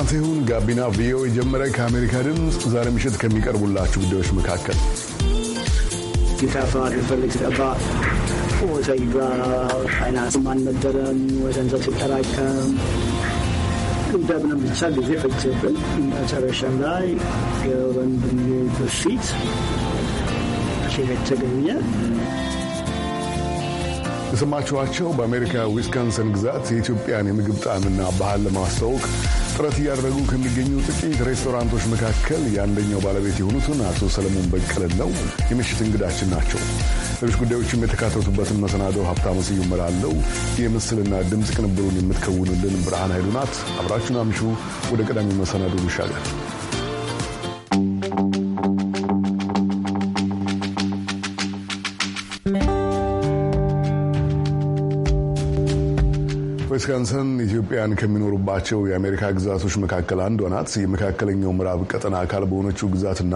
እናንተ ይሁን ጋቢና ቪኦኤ የጀመረ ከአሜሪካ ድምፅ ዛሬ ምሽት ከሚቀርቡላችሁ ጉዳዮች መካከል ሲጠባ ወሰይባ ሲጠራከም እንደምንም ብቻ ጊዜ ፈጀብን። መጨረሻም ላይ የወንድሜ በፊት ሄደች ተገኘ። የሰማችኋቸው በአሜሪካ ዊስካንሰን ግዛት የኢትዮጵያን የምግብ ጣዕምና ባህል ለማስተዋወቅ ጥረት እያደረጉ ከሚገኙ ጥቂት ሬስቶራንቶች መካከል የአንደኛው ባለቤት የሆኑትን አቶ ሰለሞን በቀለን ነው የምሽት እንግዳችን ናቸው። ሌሎች ጉዳዮችም የተካተቱበትን መሰናደው ሀብታሙ ስዩም እመራለሁ። የምስልና ድምፅ ቅንብሩን የምትከውንልን ብርሃን ኃይሉ ናት። አብራችሁን አምሹ። ወደ ቀዳሚ መሰናዶ ልሻገር። ዊስካንሰን ኢትዮጵያን ከሚኖሩባቸው የአሜሪካ ግዛቶች መካከል አንዷ ናት። የመካከለኛው ምዕራብ ቀጠና አካል በሆነችው ግዛትና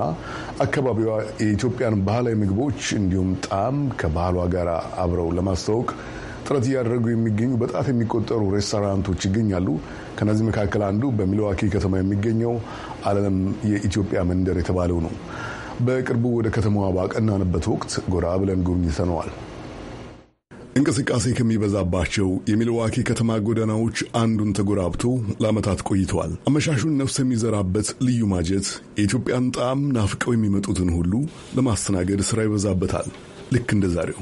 አካባቢዋ የኢትዮጵያን ባህላዊ ምግቦች እንዲሁም ጣዕም ከባህሏ ጋር አብረው ለማስተዋወቅ ጥረት እያደረጉ የሚገኙ በጣት የሚቆጠሩ ሬስቶራንቶች ይገኛሉ። ከነዚህ መካከል አንዱ በሚልዋኪ ከተማ የሚገኘው ዓለም የኢትዮጵያ መንደር የተባለው ነው። በቅርቡ ወደ ከተማዋ ባቀናንበት ወቅት ጎራ ብለን ጎብኝተነዋል። እንቅስቃሴ ከሚበዛባቸው የሚልዋኪ ከተማ ጎዳናዎች አንዱን ተጎራብቶ ለዓመታት ቆይተዋል። አመሻሹን ነፍስ የሚዘራበት ልዩ ማጀት የኢትዮጵያን ጣዕም ናፍቀው የሚመጡትን ሁሉ ለማስተናገድ ሥራ ይበዛበታል። ልክ እንደ ዛሬው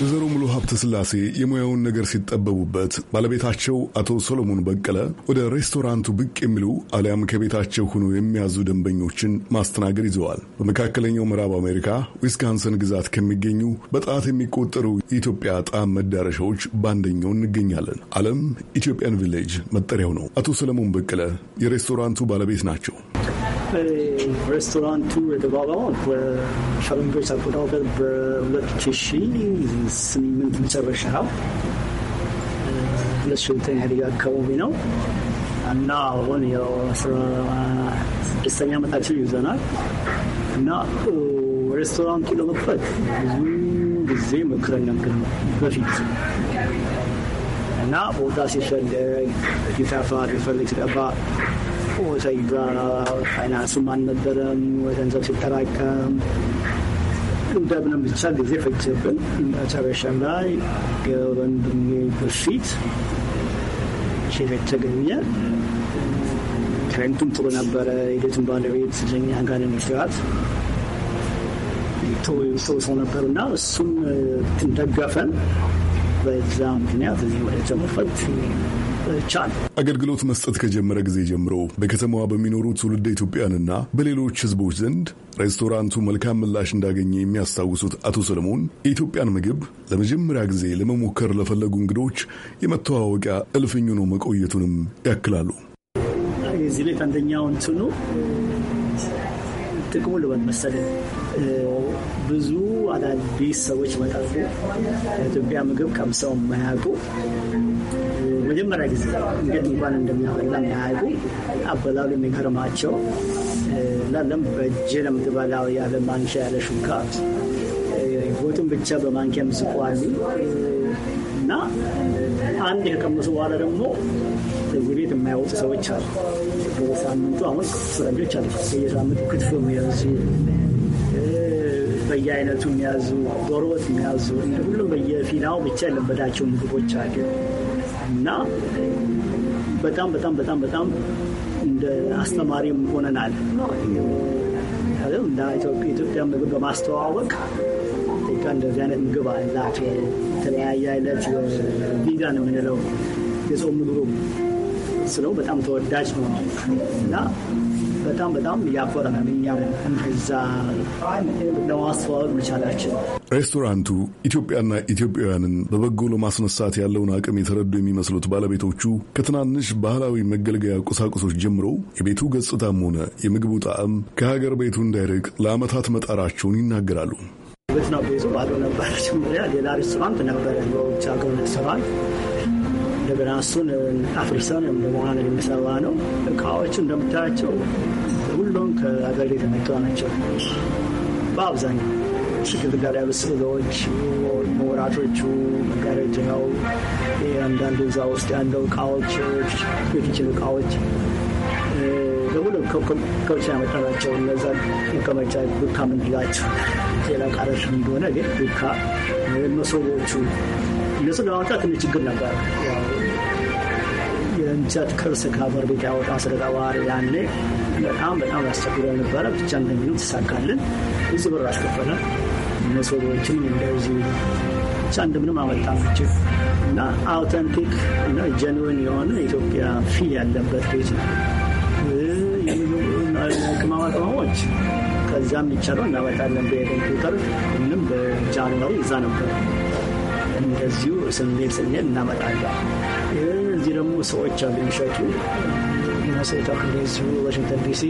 ወይዘሮ ሙሉ ሀብተ ስላሴ የሙያውን ነገር ሲጠበቡበት ባለቤታቸው አቶ ሰሎሞን በቀለ ወደ ሬስቶራንቱ ብቅ የሚሉ አሊያም ከቤታቸው ሆነው የሚያዙ ደንበኞችን ማስተናገድ ይዘዋል። በመካከለኛው ምዕራብ አሜሪካ ዊስካንሰን ግዛት ከሚገኙ በጣት የሚቆጠሩ የኢትዮጵያ ጣም መዳረሻዎች በአንደኛው እንገኛለን። ዓለም ኢትዮጵያን ቪሌጅ መጠሪያው ነው። አቶ ሰለሞን በቀለ የሬስቶራንቱ ባለቤት ናቸው። ሬስቶራንቱ የተባለውን በፈረንጆች አቆጣጠር በ2008 መጨረሻ ሁለተኛ አካባቢ ነው እና አሁን ስድስተኛ ዓመታችን ይዘናል እና ሬስቶራንቱ ለመክፈት ብዙ ጊዜ ሞክረን ነበር በፊት እና ቦታ ሲፈልግ ይፋፋ ሲፈልግ ሲጠባ ወሰይድ ሱም አልነበረም። ገንዘብ ሲጠራቀም እንደምንም ብቻ ጊዜ ፈጀብን። መጨረሻም ላይ የወንድሜ ግፊት ሸቤት ተገኘ። ክረንቱም ጥሩ ነበረ። የቤቱን ባለቤት ለኛ ጋር ለመስራት ሰው ሰው ነበር እና እሱም ትንደገፈን በዛ ምክንያት እዚህ ወደ ተመፈት ቻለ። አገልግሎት መስጠት ከጀመረ ጊዜ ጀምሮ በከተማዋ በሚኖሩ ትውልደ ኢትዮጵያንና በሌሎች ህዝቦች ዘንድ ሬስቶራንቱ መልካም ምላሽ እንዳገኘ የሚያስታውሱት አቶ ሰለሞን የኢትዮጵያን ምግብ ለመጀመሪያ ጊዜ ለመሞከር ለፈለጉ እንግዶች የመተዋወቂያ እልፍኙ ነው መቆየቱንም ያክላሉ። የዚህ ቤት አንደኛው እንትኑ ጥቅሙ ልበል መሰለኝ ብዙ አዳዲስ ሰዎች ይመጣሉ። የኢትዮጵያ ምግብ ቀምሰው የማያውቁ ለመጀመሪያ ጊዜ እንዴት እንኳን እንደሚያፈላ የሚያያቁ አበላሉ የሚገርማቸው ለለም በእጅ ለምትበላው ያለ ማንሻ ያለ ሹካ ወጡን ብቻ በማንኪያ ምስቋሉ እና አንድ የቀመሱ በኋላ ደግሞ እዚህ ቤት የማያወጡ ሰዎች አሉ። በየሳምንቱ አሁን ፈረንጆች አሉ። በየሳምንቱ ክትፎ የሚያዙ በየአይነቱ የሚያዙ ዶሮ ወጥ የሚያዙ ሁሉም በየፊናው ብቻ የለበዳቸው ምግቦች አሉ። እና በጣም በጣም በጣም በጣም እንደ አስተማሪም ሆነናል። እንደ ኢትዮጵያ ምግብ በማስተዋወቅ እንደዚህ አይነት ምግብ አላት፣ የተለያየ አይነት ነው የምንለው የጾም ምግብ ስለው በጣም ተወዳጅ ነው እና በጣም በጣም ያኮራናል። እኛ እዛ ለማስተዋወቅ መቻላችን ሬስቶራንቱ ኢትዮጵያና ኢትዮጵያውያንን በበጎ ለማስነሳት ያለውን አቅም የተረዱ የሚመስሉት ባለቤቶቹ ከትናንሽ ባህላዊ መገልገያ ቁሳቁሶች ጀምሮ የቤቱ ገጽታም ሆነ የምግቡ ጣዕም ከሀገር ቤቱ እንዳይርቅ ለዓመታት መጣራቸውን ይናገራሉ። ቤት ነው ቤቱ ባዶ ነበረ። ሌላ ሬስቶራንት ነበረ የውጭ ሀገር ሬስቶራንት እንደገና እሱን አፍርሰን ወይም ደግሞ ሀገር የሚሰራ ነው። እቃዎቹ እንደምታያቸው ሁሉም ከሀገር የተመጡ ናቸው በአብዛኛው ችግር ግድግዳ ላይ ስዕሎች፣ መብራቶቹ፣ መጋረጃው፣ አንዳንዱ እዛ ውስጥ ያለው እቃዎች፣ የኪችን እቃዎች ሁሉም ከውጭ ያመጣናቸው እነዛ መቀመጫ ዱካ ምንላቸው ሌላ ቃረሽ እንደሆነ ግን ዱካ መሶቦቹ እነሱን ለማውጣት ትንሽ ችግር ነበር። የእንጨት ቅርጽ ከበር ቤት ያወጣ ስለጠዋሪ ያኔ በጣም በጣም ያስቸግረ ነበረ። ብቻ እንደሚሉ ትሳካልን ብዙ ብር አስከፈለ። መሶቦችን እንደዚህ ብቻ እንደምንም አመጣናቸው እና አውተንቲክ እና ጀንዊን የሆነ ኢትዮጵያ ፊ ያለበት ቤት ነው። ቅመማ ቅመሞች ከዛ የሚቻለው እናመጣለን። በኮምፒውተር ምንም በጃንዋሪ እዛ ነበር እንደዚሁ ስንል ስንል እናመጣለን። እዚህ ደግሞ ሰዎች አሉ የሚሸጡ ሚነሶታ፣ ዋሽንግተን ዲሲ፣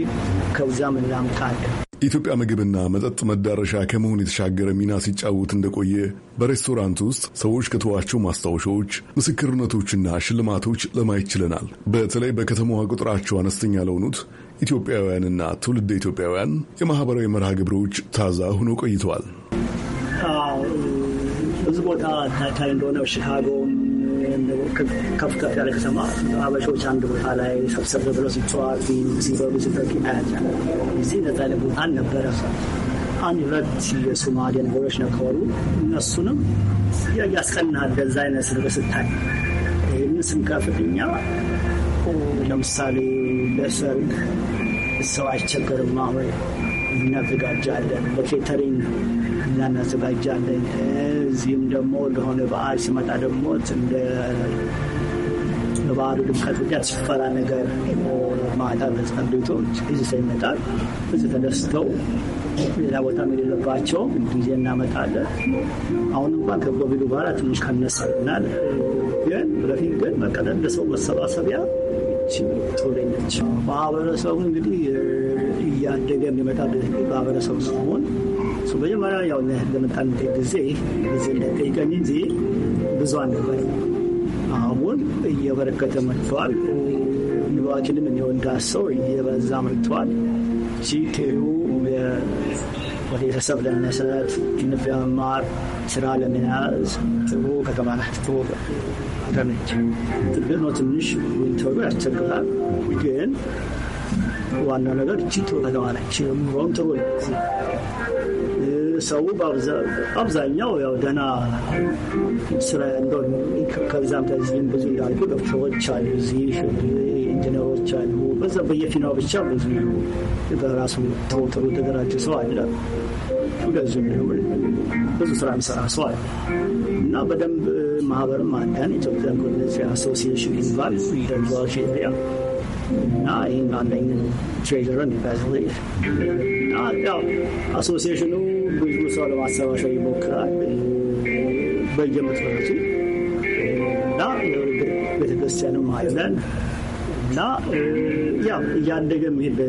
ከዛም እናምጣለን። ኢትዮጵያ ምግብና መጠጥ መዳረሻ ከመሆን የተሻገረ ሚና ሲጫወት እንደቆየ በሬስቶራንት ውስጥ ሰዎች ከተዋቸው ማስታወሻዎች፣ ምስክርነቶችና ሽልማቶች ለማየት ችለናል። በተለይ በከተማዋ ቁጥራቸው አነስተኛ ለሆኑት ኢትዮጵያውያንና ትውልድ ኢትዮጵያውያን የማህበራዊ መርሃ ግብሮች ታዛ ሆኖ ቆይተዋል። ቦታ ታይ እንደሆነ ሺካጎ ከፍከፍ ያለ ከተማ አበሾች አንድ ቦታ ላይ ሰብሰብ ብለው ሲጫዋት ሲበሉ ሲጠጡ ታያጫል። እዚህ ነጻ ላይ ቦታ አልነበረ። አንድ ሁለት የሶማሌ ነገሮች ነበሩ። እነሱንም ያስቀናል። በዛ አይነት ነገር ስታይ ይህን ስንከፍት ለምሳሌ ለሰርግ ሰው አይቸገርም። አሁን እናዘጋጃለን በኬተሪንግ እና እናዘጋጃለን። እዚህም ደግሞ ለሆነ በዓል ሲመጣ ደግሞ እንደ በባህሉ ድምቀት ብቻ ያስፈራ ነገር ማታ ቤቶች እዚህ ሰው ይመጣል። እዚህ ተደስተው ሌላ ቦታ የሌለባቸው ጊዜ እናመጣለን። አሁን እንኳን ከኮቪዱ በኋላ ትንሽ ቀነሰናል፣ ግን በፊት ግን መቀጠል ለሰው መሰባሰቢያ ሲቶሬ ነች። ማህበረሰቡ እንግዲህ ያደገ የሚመጣ ማህበረሰብ ሲሆን መጀመሪያ ያው ለመጣንበት ጊዜ ጊዜ እንዳይጠይቀኝ እንጂ ብዙ አልነበር። አሁን እየበረከተ መጥተዋል። ንባችንም ኑሯችንም እንዳሰው እየበዛ መጥተዋል። ሲቴዩ ቤተሰብ ለመመስረት ትንሽ ለመማር ስራ ለመያዝ ጥሩ ከተማ ናት። ጥሩ ትንሽ ዊንተሩ ያስቸግራል ግን ዋና ነገር እቺ ጥሩ ከተማ ነች። ኑሮም ጥሩ ነው። ሰው አብዛኛው ያው ደህና ስራ እንደ ከዛም ተዚህም ብዙ እንዳልኩ ዶክተሮች አሉ፣ እዚህ ኢንጂነሮች አሉ። በዛ በየፊናው ብቻ ብዙ በራሱ ተውጥሩ የተደራጀ ሰው አለ። እንደዚሁ ብዙ ስራ የሚሰራ ሰው አለ እና በደንብ ማህበርም አንዳንድ ኢትዮጵያ ኮንቨንስ አሶሲሽን ይባል ደንዋሽ ኤሪያ እና ይህን ባለኝ ትሬዥረን ይፈዝልኝ ብዙ ሰው ለማሰባሻ ይሞክራል በየመስመሮቹ እና የውድድር ቤተክርስቲያንም አለን እና ያው እያደገ የሚሄድ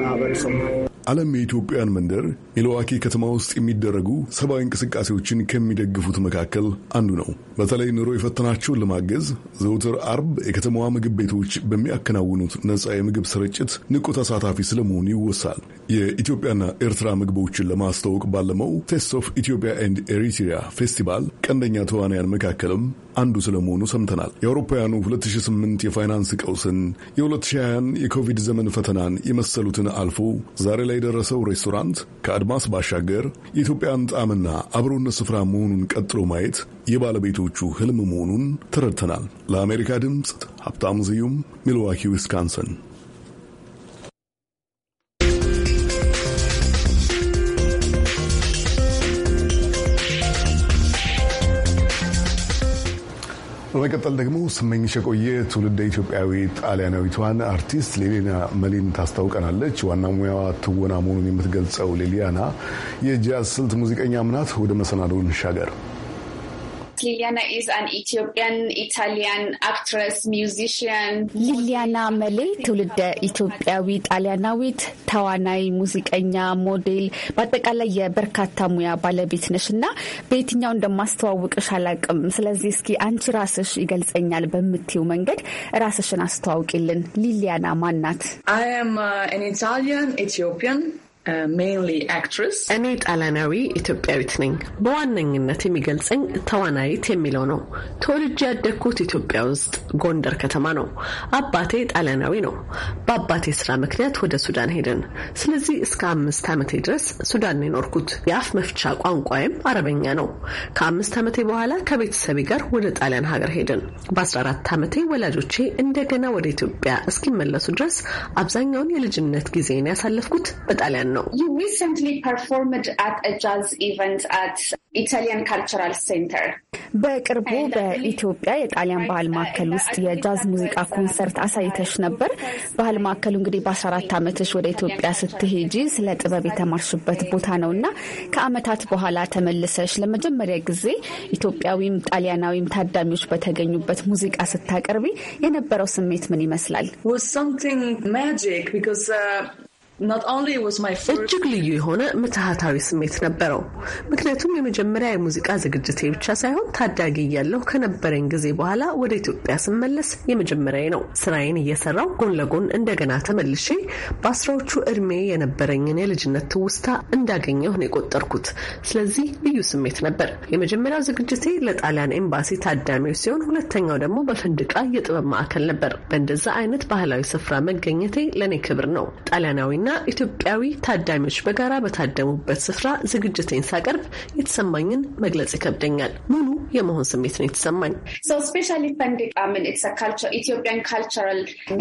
ማህበረሰብ ነው። ዓለም የኢትዮጵያን መንደር ሚልዋኪ ከተማ ውስጥ የሚደረጉ ሰብአዊ እንቅስቃሴዎችን ከሚደግፉት መካከል አንዱ ነው። በተለይ ኑሮ የፈተናቸውን ለማገዝ ዘውትር አርብ የከተማዋ ምግብ ቤቶች በሚያከናውኑት ነፃ የምግብ ስርጭት ንቁ ተሳታፊ ስለመሆኑ ይወሳል። የኢትዮጵያና ኤርትራ ምግቦችን ለማስተዋወቅ ባለመው ቴስት ኦፍ ኢትዮጵያ ኤንድ ኤሪትሪያ ፌስቲቫል ቀንደኛ ተዋናያን መካከልም አንዱ ስለመሆኑ ሰምተናል። የአውሮፓውያኑ 2008 የፋይናንስ ቀውስን፣ የ2020 የኮቪድ ዘመን ፈተናን የመሰሉትን አልፎ ዛሬ ላይ የደረሰው ሬስቶራንት ከአድማስ ባሻገር የኢትዮጵያን ጣዕምና አብሮነት ስፍራ መሆኑን ቀጥሎ ማየት የባለቤቶቹ ህልም መሆኑን ተረድተናል። ለአሜሪካ ድምፅ ሀብታሙ ስዩም ሚልዋኪ ዊስካንሰን በመቀጠል ደግሞ ስመኝሽ የቆየ ትውልደ ኢትዮጵያዊ ጣሊያናዊቷን አርቲስት ሌሊና መሊን ታስታውቀናለች። ዋና ሙያዋ ትወና መሆኑን የምትገልጸው ሌሊያና የጃዝ ስልት ሙዚቀኛ ምናት ወደ መሰናዶ እንሻገር። ሊሊያና ኢዝ አን ኢትዮጵያን ኢታሊያን አክትረስ ሚዚሽያን። ሊሊያና መሌ ትውልደ ኢትዮጵያዊ ጣሊያናዊት ተዋናይ፣ ሙዚቀኛ፣ ሞዴል በአጠቃላይ የበርካታ ሙያ ባለቤት ነሽ እና በየትኛው እንደማስተዋውቅሽ አላቅም። ስለዚህ እስኪ አንቺ ራስሽ ይገልጸኛል በምትይው መንገድ ራስሽን አስተዋውቂልን። ሊሊያና ማን ናት? አይ አም አን ኢታሊያን ኢትዮጵያን Uh, እኔ ጣሊያናዊ ኢትዮጵያዊት ነኝ። በዋነኝነት የሚገልጸኝ ተዋናይት የሚለው ነው። ተወልጄ ያደግኩት ኢትዮጵያ ውስጥ ጎንደር ከተማ ነው። አባቴ ጣሊያናዊ ነው። በአባቴ ስራ ምክንያት ወደ ሱዳን ሄደን፣ ስለዚህ እስከ አምስት ዓመቴ ድረስ ሱዳን የኖርኩት። የአፍ መፍቻ ቋንቋዬም አረበኛ ነው። ከአምስት ዓመቴ በኋላ ከቤተሰቤ ጋር ወደ ጣሊያን ሀገር ሄድን። በ14 ዓመቴ ወላጆቼ እንደገና ወደ ኢትዮጵያ እስኪመለሱ ድረስ አብዛኛውን የልጅነት ጊዜን ያሳለፍኩት በጣሊያን ነው። በቅርቡ በኢትዮጵያ የጣሊያን ባህል ማዕከል ውስጥ የጃዝ ሙዚቃ ኮንሰርት አሳይተሽ ነበር። ባህል ማዕከሉ እንግዲህ በ14 ዓመትሽ ወደ ኢትዮጵያ ስትሄጂ ስለ ጥበብ የተማርሽበት ቦታ ነው እና ከዓመታት በኋላ ተመልሰሽ ለመጀመሪያ ጊዜ ኢትዮጵያዊም ጣሊያናዊም ታዳሚዎች በተገኙበት ሙዚቃ ስታቀርቢ የነበረው ስሜት ምን ይመስላል? እጅግ ልዩ የሆነ ምትሃታዊ ስሜት ነበረው። ምክንያቱም የመጀመሪያ የሙዚቃ ዝግጅቴ ብቻ ሳይሆን ታዳጊ እያለሁ ከነበረኝ ጊዜ በኋላ ወደ ኢትዮጵያ ስመለስ የመጀመሪያ ነው። ስራዬን እየሰራው ጎን ለጎን እንደገና ተመልሼ በአስራዎቹ እድሜ የነበረኝን የልጅነት ትውስታ እንዳገኘሁ ነው የቆጠርኩት። ስለዚህ ልዩ ስሜት ነበር። የመጀመሪያው ዝግጅቴ ለጣሊያን ኤምባሲ ታዳሚዎች ሲሆን፣ ሁለተኛው ደግሞ በፈንድቃ የጥበብ ማዕከል ነበር። በእንደዛ አይነት ባህላዊ ስፍራ መገኘቴ ለእኔ ክብር ነው። ጣሊያናዊና ኢትዮጵያዊ ታዳሚዎች በጋራ በታደሙበት ስፍራ ዝግጅቴን ሳቀርብ የተሰማኝን መግለጽ ይከብደኛል። ሙሉ የመሆን ስሜት ነው የተሰማኝ።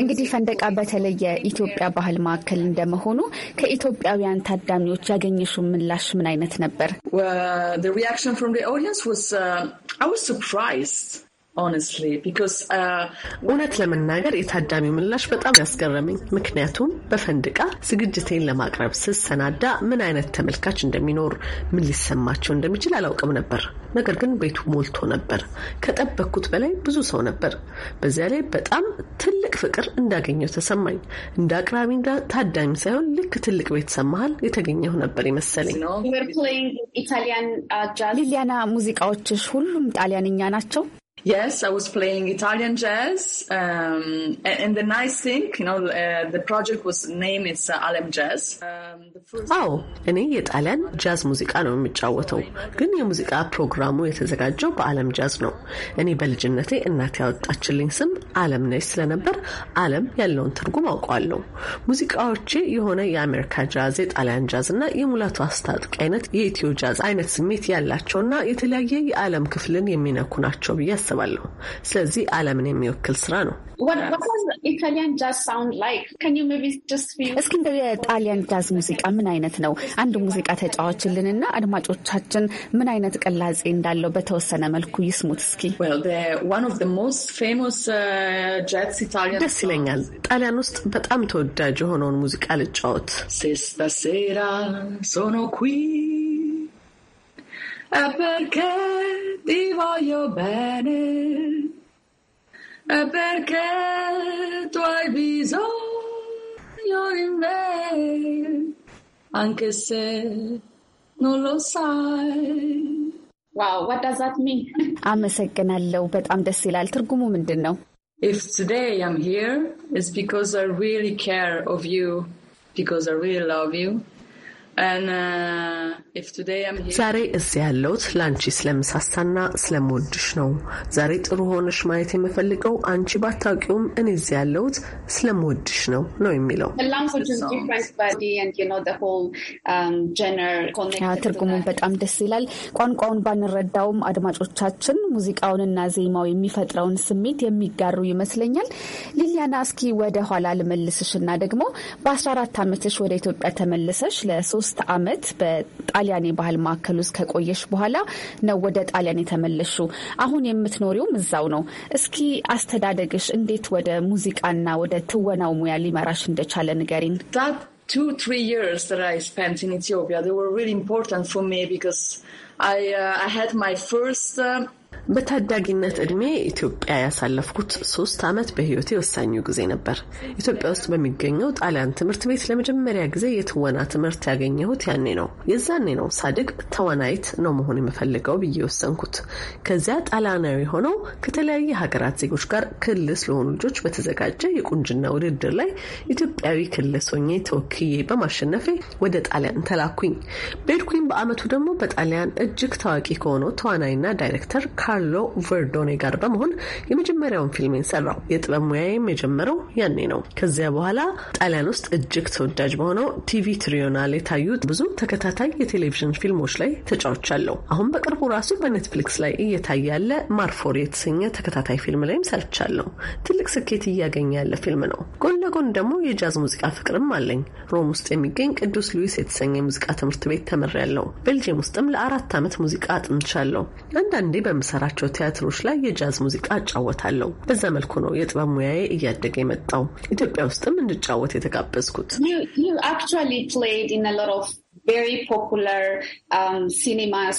እንግዲህ ፈንደቃ በተለይ የኢትዮጵያ ባህል ማዕከል እንደመሆኑ ከኢትዮጵያውያን ታዳሚዎች ያገኘሽው ምላሽ ምን አይነት ነበር? Uh, እውነት ለመናገር የታዳሚው ምላሽ በጣም ያስገረመኝ፣ ምክንያቱም በፈንድቃ ዝግጅቴን ለማቅረብ ስሰናዳ ምን አይነት ተመልካች እንደሚኖር ምን ሊሰማቸው እንደሚችል አላውቅም ነበር። ነገር ግን ቤቱ ሞልቶ ነበር። ከጠበቅኩት በላይ ብዙ ሰው ነበር። በዚያ ላይ በጣም ትልቅ ፍቅር እንዳገኘው ተሰማኝ። እንደ አቅራቢ ታዳሚ ሳይሆን ልክ ትልቅ ቤተሰብ መሀል የተገኘው ነበር ይመሰለኝ። uh, ሊሊያና ሙዚቃዎችሽ ሁሉም ጣሊያንኛ ናቸው? Yes, I was playing Italian jazz, um, and, and, the nice thing, you know, uh, the project was named it's uh, Alem Jazz. Um, አዎ oh, እኔ የጣሊያን ጃዝ ሙዚቃ ነው የሚጫወተው፣ ግን የሙዚቃ ፕሮግራሙ የተዘጋጀው በአለም ጃዝ ነው። እኔ በልጅነቴ እናት ያወጣችልኝ ስም አለም ነች ስለነበር አለም ያለውን ትርጉም አውቀዋለሁ። ሙዚቃዎቼ የሆነ የአሜሪካ ጃዝ፣ የጣሊያን ጃዝ እና የሙላቱ አስታጥቅ አይነት የኢትዮ ጃዝ አይነት ስሜት ያላቸውና የተለያየ የአለም ክፍልን የሚነኩ ናቸው ብዬ አስባለሁ። ስለዚህ ዓለምን የሚወክል ስራ ነው። እስኪ እንደ የጣሊያን ጃዝ ሙዚቃ ምን አይነት ነው? አንድ ሙዚቃ ተጫዋችልንና አድማጮቻችን ምን አይነት ቅላጼ እንዳለው በተወሰነ መልኩ ይስሙት እስኪ። uh, ደስ ይለኛል። ጣሊያን ውስጥ በጣም ተወዳጅ የሆነውን ሙዚቃ ልጫወት። E perché ti voglio bene? E perché tu hai bisogno di me? Anche se non lo sai. ዋው ዋት ዳዝ ዛት ሚን? አመሰግናለሁ። በጣም ደስ ይላል። ትርጉሙ ምንድን ነው? If today I'm here, it's because I really care of you, because I really love you. Uh, ዛሬ እዚህ ያለሁት ለአንቺ ስለምሳሳና ስለምወድሽ ነው። ዛሬ ጥሩ ሆነሽ ማየት የምፈልገው አንቺ ባታውቂውም እኔ እዚህ ያለሁት ስለምወድሽ ነው ነው የሚለው። um, ትርጉሙን በጣም ደስ ይላል። ቋንቋውን ባንረዳውም አድማጮቻችን ሙዚቃውንና ዜማው የሚፈጥረውን ስሜት የሚጋሩ ይመስለኛል። ሊሊያና፣ እስኪ ወደ ኋላ ልመልስሽ ደግሞ በ14 ዓመትሽ ወደ ኢትዮጵያ ተመልሰሽ ለሶስት ስድስት ዓመት በጣሊያን የባህል ማዕከል ውስጥ ከቆየሽ በኋላ ነው ወደ ጣሊያን የተመለሹ። አሁን የምትኖሪውም እዛው ነው። እስኪ አስተዳደግሽ እንዴት ወደ ሙዚቃና ወደ ትወናው ሙያ ሊመራሽ እንደቻለ ንገሪን። two three years that I spent in Ethiopia they were really important for me because I uh, I had my first uh, በታዳጊነት እድሜ ኢትዮጵያ ያሳለፍኩት ሶስት ዓመት በህይወቴ ወሳኙ ጊዜ ነበር። ኢትዮጵያ ውስጥ በሚገኘው ጣሊያን ትምህርት ቤት ለመጀመሪያ ጊዜ የትወና ትምህርት ያገኘሁት ያኔ ነው። የዛኔ ነው ሳድግ ተዋናይት ነው መሆን የምፈልገው ብዬ የወሰንኩት። ከዚያ ጣሊያናዊ ሆነው ከተለያየ ሀገራት ዜጎች ጋር ክልስ ለሆኑ ልጆች በተዘጋጀ የቁንጅና ውድድር ላይ ኢትዮጵያዊ ክልስ ሆኜ ተወክዬ በማሸነፌ ወደ ጣሊያን ተላኩኝ። በሄድኩኝ በአመቱ ደግሞ በጣሊያን እጅግ ታዋቂ ከሆነው ተዋናይና ዳይሬክተር ካርሎ ቨርዶኔ ጋር በመሆን የመጀመሪያውን ፊልሜን ሰራው። የጥበብ ሙያዬም የጀመረው ያኔ ነው። ከዚያ በኋላ ጣሊያን ውስጥ እጅግ ተወዳጅ በሆነው ቲቪ ትሪዮናል የታዩ ብዙ ተከታታይ የቴሌቪዥን ፊልሞች ላይ ተጫውቻለሁ። አሁን በቅርቡ ራሱ በኔትፍሊክስ ላይ እየታየ ያለ ማርፎር የተሰኘ ተከታታይ ፊልም ላይም ሰርቻለሁ። ትልቅ ስኬት እያገኘ ያለ ፊልም ነው። ጎን ለጎን ደግሞ የጃዝ ሙዚቃ ፍቅርም አለኝ። ሮም ውስጥ የሚገኝ ቅዱስ ሉዊስ የተሰኘ የሙዚቃ ትምህርት ቤት ተምሬያለሁ። ቤልጅየም ውስጥም ለአራት ዓመት ሙዚቃ አጥንቻለሁ። አንዳንዴ በምሰራ በምሰራቸው ቲያትሮች ላይ የጃዝ ሙዚቃ እጫወታለሁ። በዛ መልኩ ነው የጥበብ ሙያዬ እያደገ የመጣው። ኢትዮጵያ ውስጥም እንድጫወት የተጋበዝኩት። Um, uh,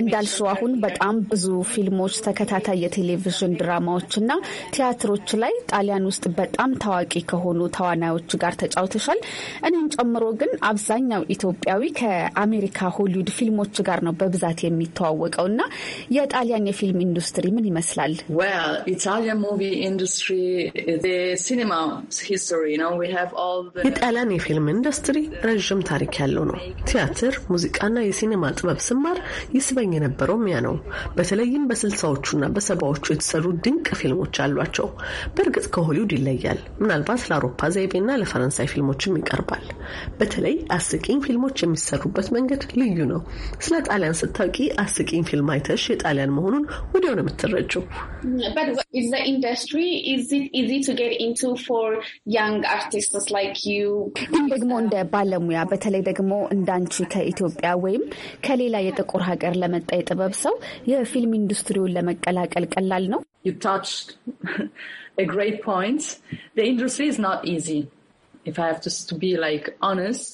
እንዳልሹ አሁን በጣም ብዙ ፊልሞች፣ ተከታታይ የቴሌቪዥን ድራማዎች እና ቲያትሮች ላይ ጣሊያን ውስጥ በጣም ታዋቂ ከሆኑ ተዋናዮች ጋር ተጫውተሻል። እኔም ጨምሮ ግን አብዛኛው ኢትዮጵያዊ ከአሜሪካ ሆሊውድ ፊልሞች ጋር ነው በብዛት የሚተዋወቀው እና የጣሊያን የፊልም ኢንዱስትሪ ምን ይመስላል? የጣሊያን የፊልም ኢንዱስትሪ ኢንዱስትሪ ረዥም ታሪክ ያለው ነው። ቲያትር፣ ሙዚቃና የሲኔማ ጥበብ ስማር ይስበኝ የነበረውም ያ ነው። በተለይም በስልሳዎቹና በሰባዎቹ የተሰሩ ድንቅ ፊልሞች አሏቸው። በእርግጥ ከሆሊውድ ይለያል። ምናልባት ለአውሮፓ ዘይቤና ለፈረንሳይ ፊልሞችም ይቀርባል። በተለይ አስቂኝ ፊልሞች የሚሰሩበት መንገድ ልዩ ነው። ስለ ጣሊያን ስታውቂ አስቂኝ ፊልም አይተሽ የጣሊያን መሆኑን ወዲያው ነው የምትረጅው። ግን ደግሞ እንደ ባለሙያ በተለይ ደግሞ እንዳንቺ ከኢትዮጵያ ወይም ከሌላ የጥቁር ሀገር ለመጣ የጥበብ ሰው የፊልም ኢንዱስትሪውን ለመቀላቀል ቀላል ነው? ኢንዱስትሪ ኢዝ ናት ኢዚ ኢፍ አይ ሃቭ ቱ ቢ ላይክ ኦነስት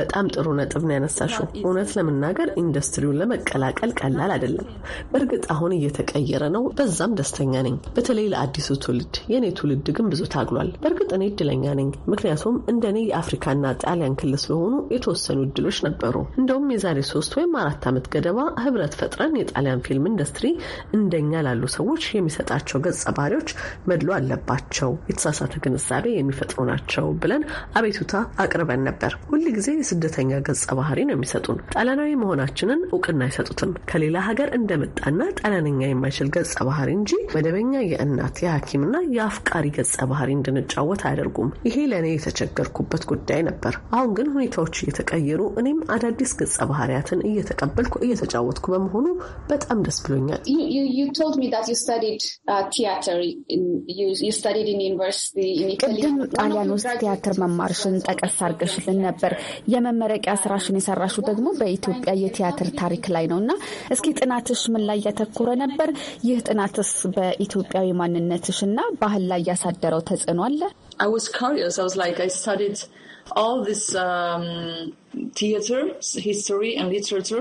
በጣም ጥሩ ነጥብ ነው ያነሳሽው። እውነት ለመናገር ኢንዱስትሪውን ለመቀላቀል ቀላል አይደለም። በእርግጥ አሁን እየተቀየረ ነው፣ በዛም ደስተኛ ነኝ፣ በተለይ ለአዲሱ ትውልድ። የእኔ ትውልድ ግን ብዙ ታግሏል። በእርግጥ እኔ እድለኛ ነኝ፣ ምክንያቱም እንደ እኔ የአፍሪካና ጣሊያን ክልል ስለሆኑ የተወሰኑ እድሎች ነበሩ። እንደውም የዛሬ ሶስት ወይም አራት ዓመት ገደማ ህብረት ፈጥረን የጣሊያን ፊልም ኢንዱስትሪ እንደኛ ላሉ ሰዎች የሚሰጣቸው ገጸ ባህሪዎች መድሎ አለባቸው፣ የተሳሳተ ግንዛቤ የሚፈጥሩ ናቸው ብለን አቤቱታ አቅርበን ነበር ሁሌ ጊዜ የስደተኛ ገጸ ነው የሚሰጡን ጣሊያናዊ መሆናችንን እውቅና አይሰጡትም። ከሌላ ሀገር እንደመጣና ጣሊያንኛ የማይችል ገጸ ባህሪ እንጂ መደበኛ የእናት የሐኪምና የአፍቃሪ ገጸ ባህሪ እንድንጫወት አያደርጉም። ይሄ ለእኔ የተቸገርኩበት ጉዳይ ነበር። አሁን ግን ሁኔታዎች እየተቀየሩ እኔም አዳዲስ ገጸ ባህሪያትን እየተቀበልኩ እየተጫወትኩ በመሆኑ በጣም ደስ ብሎኛል። ቅድም ጣሊያን ውስጥ ቲያትር መማርሽን ጠቀስ አርገሽልን ነበር። የመመረቂያ ስራሽን የሰራሽው ደግሞ በኢትዮጵያ የቲያትር ታሪክ ላይ ነው እና እስኪ ጥናትሽ ምን ላይ ያተኮረ ነበር? ይህ ጥናትስ በኢትዮጵያዊ ማንነትሽ እና ባህል ላይ ያሳደረው ተጽዕኖ አለ? ቲያትር ሂስትሪ ሊትራቱር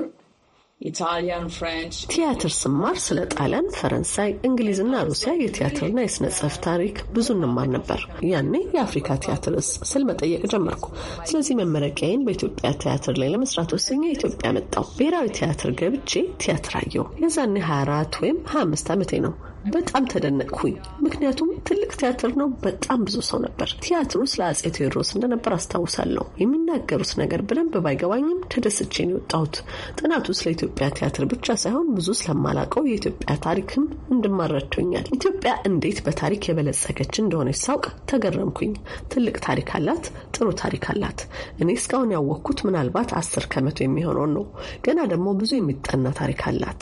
ቲያትር ስማር ስለ ጣሊያን፣ ፈረንሳይ፣ እንግሊዝና ሩሲያ የቲያትርና የስነ ጽሑፍ ታሪክ ብዙ እንማር ነበር። ያኔ የአፍሪካ ቲያትርስ ስል መጠየቅ ጀመርኩ። ስለዚህ መመረቂያዬን በኢትዮጵያ ቲያትር ላይ ለመስራት ወስኝ ኢትዮጵያ መጣው ብሔራዊ ቲያትር ገብቼ ቲያትር አየው። የዛኔ 24 ወይም 25 ዓመቴ ነው። በጣም ተደነቅኩኝ። ምክንያቱም ትልቅ ቲያትር ነው፣ በጣም ብዙ ሰው ነበር። ቲያትሩ ስለ አጼ ቴዎድሮስ እንደነበር አስታውሳለሁ። የሚናገሩት ነገር በደንብ ባይገባኝም ተደስቼን የወጣሁት ጥናቱ ስለ ኢትዮጵያ ቲያትር ብቻ ሳይሆን ብዙ ስለማላውቀው የኢትዮጵያ ታሪክም እንድማረድቶኛል። ኢትዮጵያ እንዴት በታሪክ የበለጸገች እንደሆነች ሳውቅ ተገረምኩኝ። ትልቅ ታሪክ አላት፣ ጥሩ ታሪክ አላት። እኔ እስካሁን ያወቅኩት ምናልባት አስር ከመቶ የሚሆነውን ነው። ገና ደግሞ ብዙ የሚጠና ታሪክ አላት።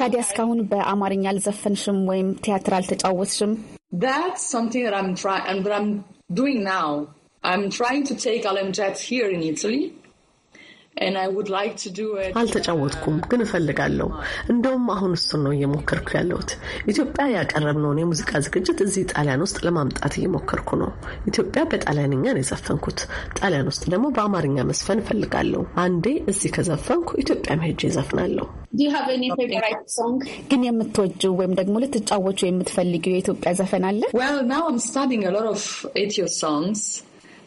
ታዲያ እስካሁን በአማርኛ አልዘፈንሽም ወይም ቲያትር አልተጫወትሽም? ዶንግ ናው አም ትራይንግ ቱ ቴክ አለምጃት ሂር ኢን ኢታሊ አልተጫወትኩም uh, ግን እፈልጋለሁ። እንደውም አሁን እሱን ነው እየሞከርኩ ያለሁት። ኢትዮጵያ ያቀረብነውን የሙዚቃ ዝግጅት እዚህ ጣሊያን ውስጥ ለማምጣት እየሞከርኩ ነው። ኢትዮጵያ በጣሊያንኛ ነው የዘፈንኩት። ጣሊያን ውስጥ ደግሞ በአማርኛ መስፈን እፈልጋለሁ። አንዴ እዚህ ከዘፈንኩ ኢትዮጵያ መሄጄ እዘፍናለሁ። ግን የምትወጂው ወይም ደግሞ ልትጫወቹ የምትፈልጊው የኢትዮጵያ ዘፈን አለ?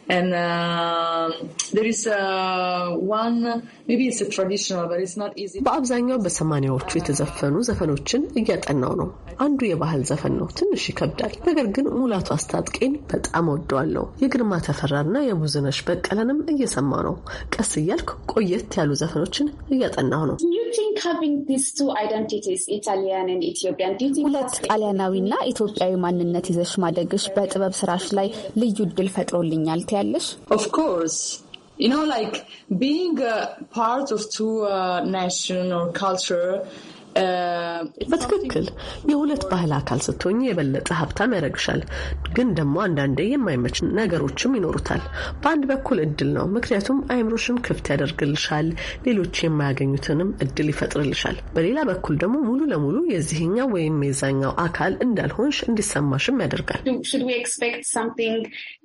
And um, there is uh, one maybe it's a traditional but it's not easy. በአብዛኛው በሰማኒያዎቹ የተዘፈኑ ዘፈኖችን እያጠናው ነው። አንዱ የባህል ዘፈን ነው፣ ትንሽ ይከብዳል። ነገር ግን ሙላቱ አስታጥቄን በጣም ወደዋለሁ። የግርማ ተፈራና የቡዝነሽ በቀለንም እየሰማ ነው። ቀስ እያልክ ቆየት ያሉ ዘፈኖችን እያጠናው ነው። ሁለት ጣሊያናዊና ኢትዮጵያዊ ማንነት ይዘሽ ማደግሽ በጥበብ ስራሽ ላይ ልዩ እድል ፈጥሮልኛል Of course, you know like being a part of two uh, nation or culture በትክክል የሁለት ባህል አካል ስትሆኝ የበለጠ ሀብታም ያደርግሻል። ግን ደግሞ አንዳንዴ የማይመች ነገሮችም ይኖሩታል። በአንድ በኩል እድል ነው፣ ምክንያቱም አይምሮሽን ክፍት ያደርግልሻል፣ ሌሎች የማያገኙትንም እድል ይፈጥርልሻል። በሌላ በኩል ደግሞ ሙሉ ለሙሉ የዚህኛው ወይም የዛኛው አካል እንዳልሆንሽ እንዲሰማሽም ያደርጋል።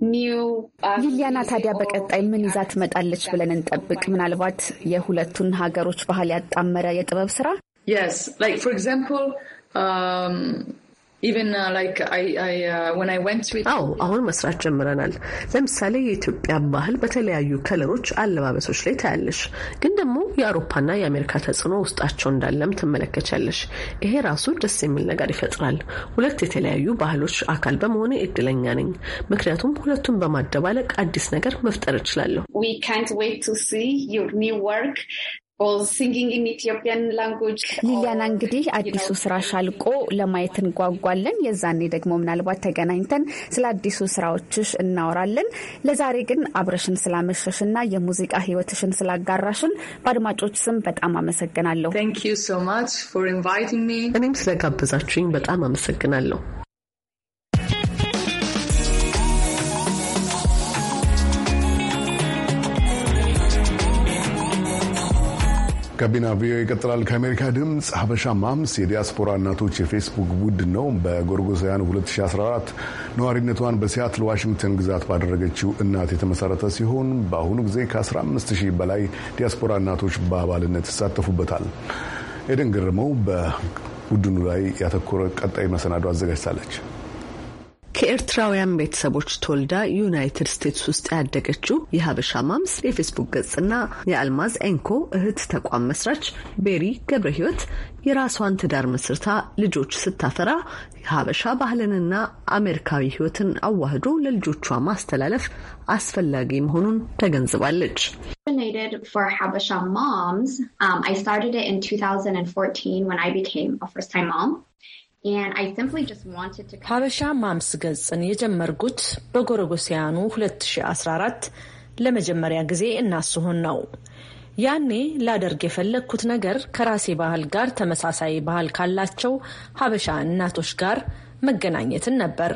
uh, ሊሊያና ታዲያ በቀጣይ ምን ይዛ ትመጣለች ብለን እንጠብቅ? ምናልባት የሁለቱን ሀገሮች ባህል ያጣመረ የጥበብ ስራ Yes, like for example, um, even uh, like I, I, uh, when I went to አዎ አሁን መስራት ጀምረናል። ለምሳሌ የኢትዮጵያ ባህል በተለያዩ ከለሮች አለባበሶች ላይ ታያለሽ፣ ግን ደግሞ የአውሮፓና የአሜሪካ ተጽዕኖ ውስጣቸው እንዳለም ትመለከቻለሽ። ይሄ ራሱ ደስ የሚል ነገር ይፈጥራል። ሁለት የተለያዩ ባህሎች አካል በመሆነ እድለኛ ነኝ፣ ምክንያቱም ሁለቱን በማደባለቅ አዲስ ነገር መፍጠር እችላለሁ። We can't wait to see your new work ሊሊያና እንግዲህ አዲሱ ስራሽ አልቆ ለማየት እንጓጓለን። የዛኔ ደግሞ ምናልባት ተገናኝተን ስለ አዲሱ ስራዎችሽ እናወራለን። ለዛሬ ግን አብረሽን ስላመሸሽና የሙዚቃ ህይወትሽን ስላጋራሽን በአድማጮች ስም በጣም አመሰግናለሁ። እኔም ስለጋበዛችሁኝ በጣም አመሰግናለሁ። ጋቢና ቪኦኤ ይቀጥላል። ከአሜሪካ ድምፅ ሀበሻ ማምስ የዲያስፖራ እናቶች የፌስቡክ ቡድን ነው። በጎርጎሳውያኑ 2014 ነዋሪነቷን በሲያትል ዋሽንግተን ግዛት ባደረገችው እናት የተመሰረተ ሲሆን በአሁኑ ጊዜ ከ15000 በላይ ዲያስፖራ እናቶች በአባልነት ይሳተፉበታል። ኤደን ገረመው በቡድኑ ላይ ያተኮረ ቀጣይ መሰናዶ አዘጋጅታለች። ከኤርትራውያን ቤተሰቦች ተወልዳ ዩናይትድ ስቴትስ ውስጥ ያደገችው የሀበሻ ማምስ የፌስቡክ ገጽና የአልማዝ ኤንኮ እህት ተቋም መስራች ቤሪ ገብረ ህይወት የራሷን ትዳር መስርታ ልጆች ስታፈራ የሀበሻ ባህልንና አሜሪካዊ ህይወትን አዋህዶ ለልጆቿ ማስተላለፍ አስፈላጊ መሆኑን ተገንዝባለች። ሀበሻ ማምስ ገጽን የጀመርኩት በጎረጎሲያኑ 2014 ለመጀመሪያ ጊዜ እናስሆን ነው። ያኔ ላደርግ የፈለግኩት ነገር ከራሴ ባህል ጋር ተመሳሳይ ባህል ካላቸው ሀበሻ እናቶች ጋር መገናኘትን ነበር።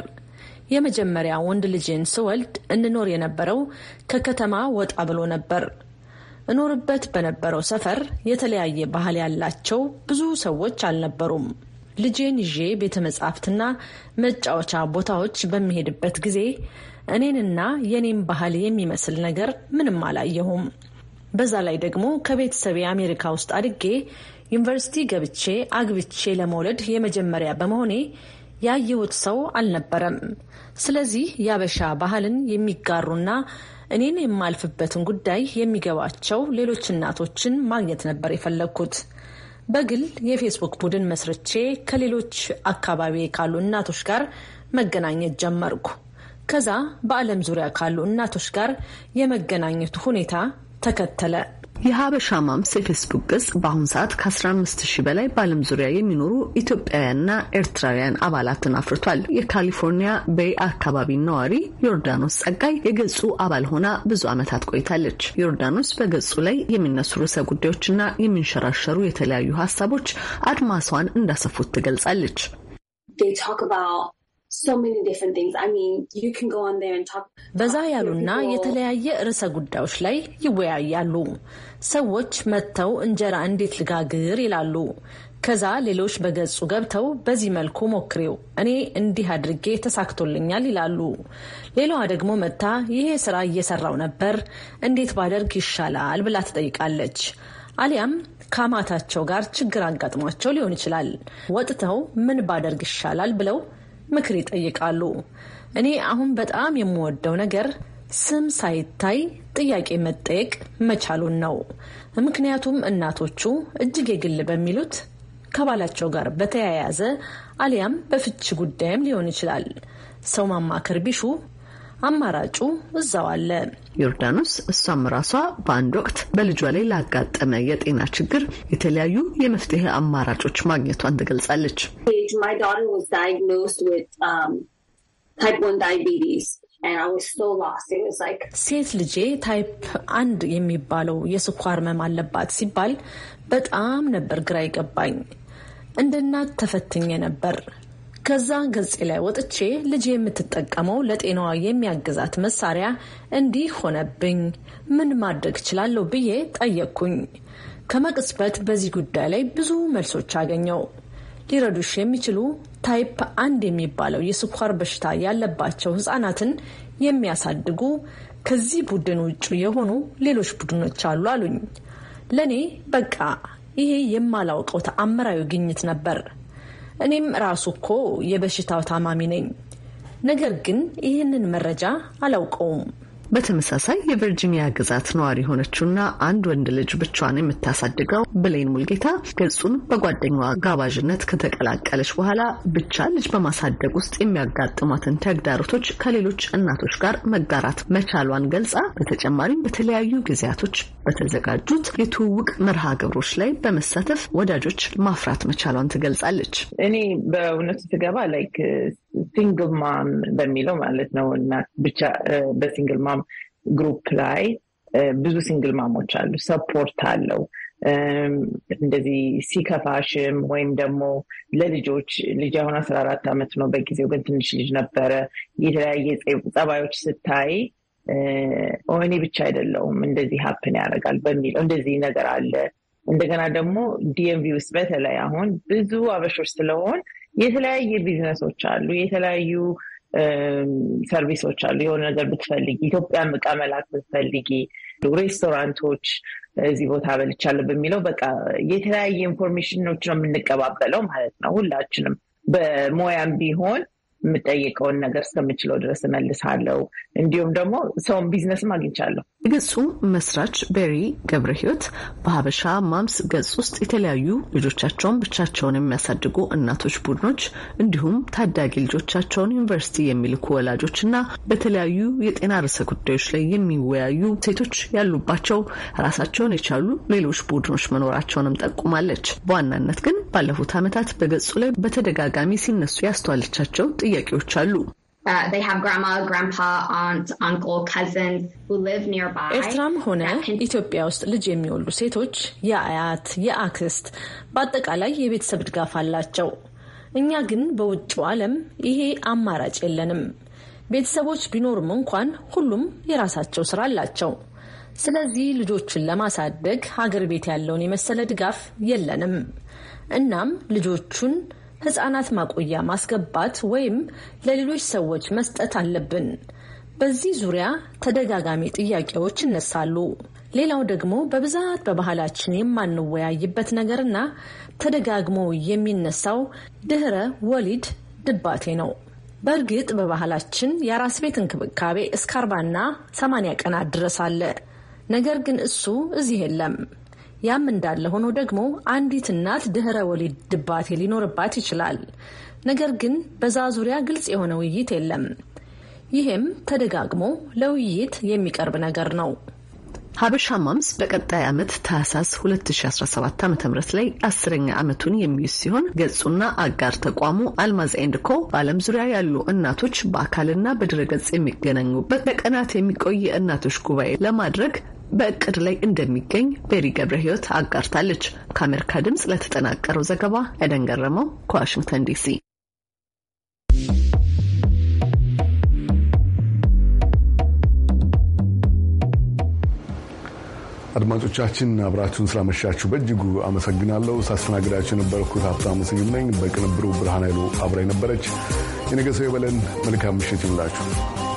የመጀመሪያ ወንድ ልጄን ስወልድ እንኖር የነበረው ከከተማ ወጣ ብሎ ነበር። እኖርበት በነበረው ሰፈር የተለያየ ባህል ያላቸው ብዙ ሰዎች አልነበሩም። ልጄን ይዤ ቤተ መጻሕፍትና መጫወቻ ቦታዎች በሚሄድበት ጊዜ እኔንና የኔም ባህል የሚመስል ነገር ምንም አላየሁም። በዛ ላይ ደግሞ ከቤተሰቤ አሜሪካ ውስጥ አድጌ ዩኒቨርሲቲ ገብቼ አግብቼ ለመውለድ የመጀመሪያ በመሆኔ ያየሁት ሰው አልነበረም። ስለዚህ ያበሻ ባህልን የሚጋሩና እኔን የማልፍበትን ጉዳይ የሚገባቸው ሌሎች እናቶችን ማግኘት ነበር የፈለግኩት። በግል የፌስቡክ ቡድን መስርቼ ከሌሎች አካባቢ ካሉ እናቶች ጋር መገናኘት ጀመርኩ። ከዛ በዓለም ዙሪያ ካሉ እናቶች ጋር የመገናኘቱ ሁኔታ ተከተለ። የሀበሻ ማምስ የፌስቡክ ገጽ በአሁኑ ሰዓት ከ15 ሺ በላይ በዓለም ዙሪያ የሚኖሩ ኢትዮጵያውያንና ኤርትራውያን አባላትን አፍርቷል። የካሊፎርኒያ ቤይ አካባቢ ነዋሪ ዮርዳኖስ ጸጋይ የገጹ አባል ሆና ብዙ ዓመታት ቆይታለች። ዮርዳኖስ በገጹ ላይ የሚነሱ ርዕሰ ጉዳዮችና የሚንሸራሸሩ የተለያዩ ሀሳቦች አድማሷን እንዳሰፉት ትገልጻለች። በዛ ያሉና የተለያየ ርዕሰ ጉዳዮች ላይ ይወያያሉ። ሰዎች መጥተው እንጀራ እንዴት ልጋግር ይላሉ። ከዛ ሌሎች በገጹ ገብተው በዚህ መልኩ ሞክሬው እኔ እንዲህ አድርጌ ተሳክቶልኛል ይላሉ። ሌላዋ ደግሞ መጥታ ይሄ ስራ እየሰራው ነበር እንዴት ባደርግ ይሻላል ብላ ትጠይቃለች። አሊያም ከአማታቸው ጋር ችግር አጋጥሟቸው ሊሆን ይችላል። ወጥተው ምን ባደርግ ይሻላል ብለው ምክር ይጠይቃሉ። እኔ አሁን በጣም የምወደው ነገር ስም ሳይታይ ጥያቄ መጠየቅ መቻሉን ነው። ምክንያቱም እናቶቹ እጅግ የግል በሚሉት ከባላቸው ጋር በተያያዘ አሊያም በፍቺ ጉዳይም ሊሆን ይችላል ሰው ማማከር ቢሹ አማራጩ እዛው አለ። ዮርዳኖስ እሷም ራሷ በአንድ ወቅት በልጇ ላይ ላጋጠመ የጤና ችግር የተለያዩ የመፍትሄ አማራጮች ማግኘቷን ትገልጻለች። um, ሴት ልጄ ታይፕ አንድ የሚባለው የስኳር ህመም አለባት ሲባል በጣም ነበር ግራ ይገባኝ። እንደ እናት ተፈትኜ ነበር። ከዛ ገጼ ላይ ወጥቼ ልጅ የምትጠቀመው ለጤናዋ የሚያግዛት መሳሪያ እንዲህ ሆነብኝ፣ ምን ማድረግ እችላለሁ ብዬ ጠየቅኩኝ። ከመቅጽበት በዚህ ጉዳይ ላይ ብዙ መልሶች አገኘው። ሊረዱሽ የሚችሉ ታይፕ አንድ የሚባለው የስኳር በሽታ ያለባቸው ህጻናትን የሚያሳድጉ ከዚህ ቡድን ውጭ የሆኑ ሌሎች ቡድኖች አሉ አሉኝ። ለእኔ በቃ ይሄ የማላውቀው ተአምራዊ ግኝት ነበር። እኔም ራሱ እኮ የበሽታው ታማሚ ነኝ። ነገር ግን ይህንን መረጃ አላውቀውም። በተመሳሳይ የቨርጂኒያ ግዛት ነዋሪ የሆነችውና አንድ ወንድ ልጅ ብቻዋን የምታሳድገው ብሌን ሙልጌታ ገጹን በጓደኛዋ ጋባዥነት ከተቀላቀለች በኋላ ብቻ ልጅ በማሳደግ ውስጥ የሚያጋጥሟትን ተግዳሮቶች ከሌሎች እናቶች ጋር መጋራት መቻሏን ገልጻ በተጨማሪም በተለያዩ ጊዜያቶች በተዘጋጁት የትውውቅ መርሃ ግብሮች ላይ በመሳተፍ ወዳጆች ማፍራት መቻሏን ትገልጻለች። እኔ በእውነቱ ስገባ ላይክ ሲንግል ማም በሚለው ማለት ነው እና ብቻ በሲንግል ማም ግሩፕ ላይ ብዙ ሲንግል ማሞች አሉ። ሰፖርት አለው እንደዚህ ሲከፋሽም ወይም ደግሞ ለልጆች ልጅ አሁን አስራ አራት ዓመት ነው። በጊዜው ግን ትንሽ ልጅ ነበረ። የተለያየ ጸባዮች ስታይ እኔ ብቻ አይደለውም እንደዚህ ሀፕን ያደርጋል በሚለው እንደዚህ ነገር አለ። እንደገና ደግሞ ዲኤምቪ ውስጥ በተለይ አሁን ብዙ አበሾች ስለሆን የተለያየ ቢዝነሶች አሉ፣ የተለያዩ ሰርቪሶች አሉ። የሆነ ነገር ብትፈልጊ ኢትዮጵያም እቃ መላክ ብትፈልጊ ሬስቶራንቶች እዚህ ቦታ በልቻለሁ በሚለው በቃ የተለያየ ኢንፎርሜሽኖች ነው የምንቀባበለው ማለት ነው። ሁላችንም በሙያም ቢሆን የምጠይቀውን ነገር እስከምችለው ድረስ እመልሳለሁ። እንዲሁም ደግሞ ሰውን ቢዝነስም አግኝቻለሁ። የገጹ መስራች ቤሪ ገብረ ህይወት በሀበሻ ማምስ ገጽ ውስጥ የተለያዩ ልጆቻቸውን ብቻቸውን የሚያሳድጉ እናቶች ቡድኖች እንዲሁም ታዳጊ ልጆቻቸውን ዩኒቨርሲቲ የሚልኩ እና በተለያዩ የጤና ርዕሰ ጉዳዮች ላይ የሚወያዩ ሴቶች ያሉባቸው ራሳቸውን የቻሉ ሌሎች ቡድኖች መኖራቸውንም ጠቁማለች። በዋናነት ግን ባለፉት ዓመታት በገጹ ላይ በተደጋጋሚ ሲነሱ ያስተዋለቻቸው ጥያቄዎች አሉ። ኤርትራም ሆነ ኢትዮጵያ ውስጥ ልጅ የሚወልዱ ሴቶች የአያት፣ የአክስት በአጠቃላይ የቤተሰብ ድጋፍ አላቸው። እኛ ግን በውጭው ዓለም ይሄ አማራጭ የለንም። ቤተሰቦች ቢኖርም እንኳን ሁሉም የራሳቸው ስራ አላቸው። ስለዚህ ልጆችን ለማሳደግ ሀገር ቤት ያለውን የመሰለ ድጋፍ የለንም። እናም ልጆቹን ህጻናት ማቆያ ማስገባት ወይም ለሌሎች ሰዎች መስጠት አለብን? በዚህ ዙሪያ ተደጋጋሚ ጥያቄዎች ይነሳሉ። ሌላው ደግሞ በብዛት በባህላችን የማንወያይበት ነገርና ተደጋግሞ የሚነሳው ድህረ ወሊድ ድባቴ ነው። በእርግጥ በባህላችን የአራስ ቤት እንክብካቤ እስከ አርባና ሰማንያ ቀናት ድረስ አለ። ነገር ግን እሱ እዚህ የለም። ያም እንዳለ ሆኖ ደግሞ አንዲት እናት ድህረ ወሊድ ድባቴ ሊኖርባት ይችላል። ነገር ግን በዛ ዙሪያ ግልጽ የሆነ ውይይት የለም። ይህም ተደጋግሞ ለውይይት የሚቀርብ ነገር ነው። ሀበሻ ማምስ በቀጣይ ዓመት ታህሳስ 2017 ዓ ም ላይ አስረኛ ዓመቱን የሚይዝ ሲሆን ገጹና አጋር ተቋሙ አልማዝ ኤንድ ኮ በዓለም ዙሪያ ያሉ እናቶች በአካልና በድረገጽ የሚገናኙበት ለቀናት የሚቆይ የእናቶች ጉባኤ ለማድረግ በእቅድ ላይ እንደሚገኝ ቤሪ ገብረ ህይወት አጋርታለች። ከአሜሪካ ድምፅ ለተጠናቀረው ዘገባ ኤደን ገረመው ከዋሽንግተን ዲሲ። አድማጮቻችን አብራችሁን ስላመሻችሁ በእጅጉ አመሰግናለሁ። ሳስተናግዳችሁ የነበርኩት ሀብታሙ ስዩም ነኝ። በቅንብሩ ብርሃን ኃይሉ አብራ ነበረች። የነገ ሰው ይበለን። መልካም ምሽት ይሁንላችሁ።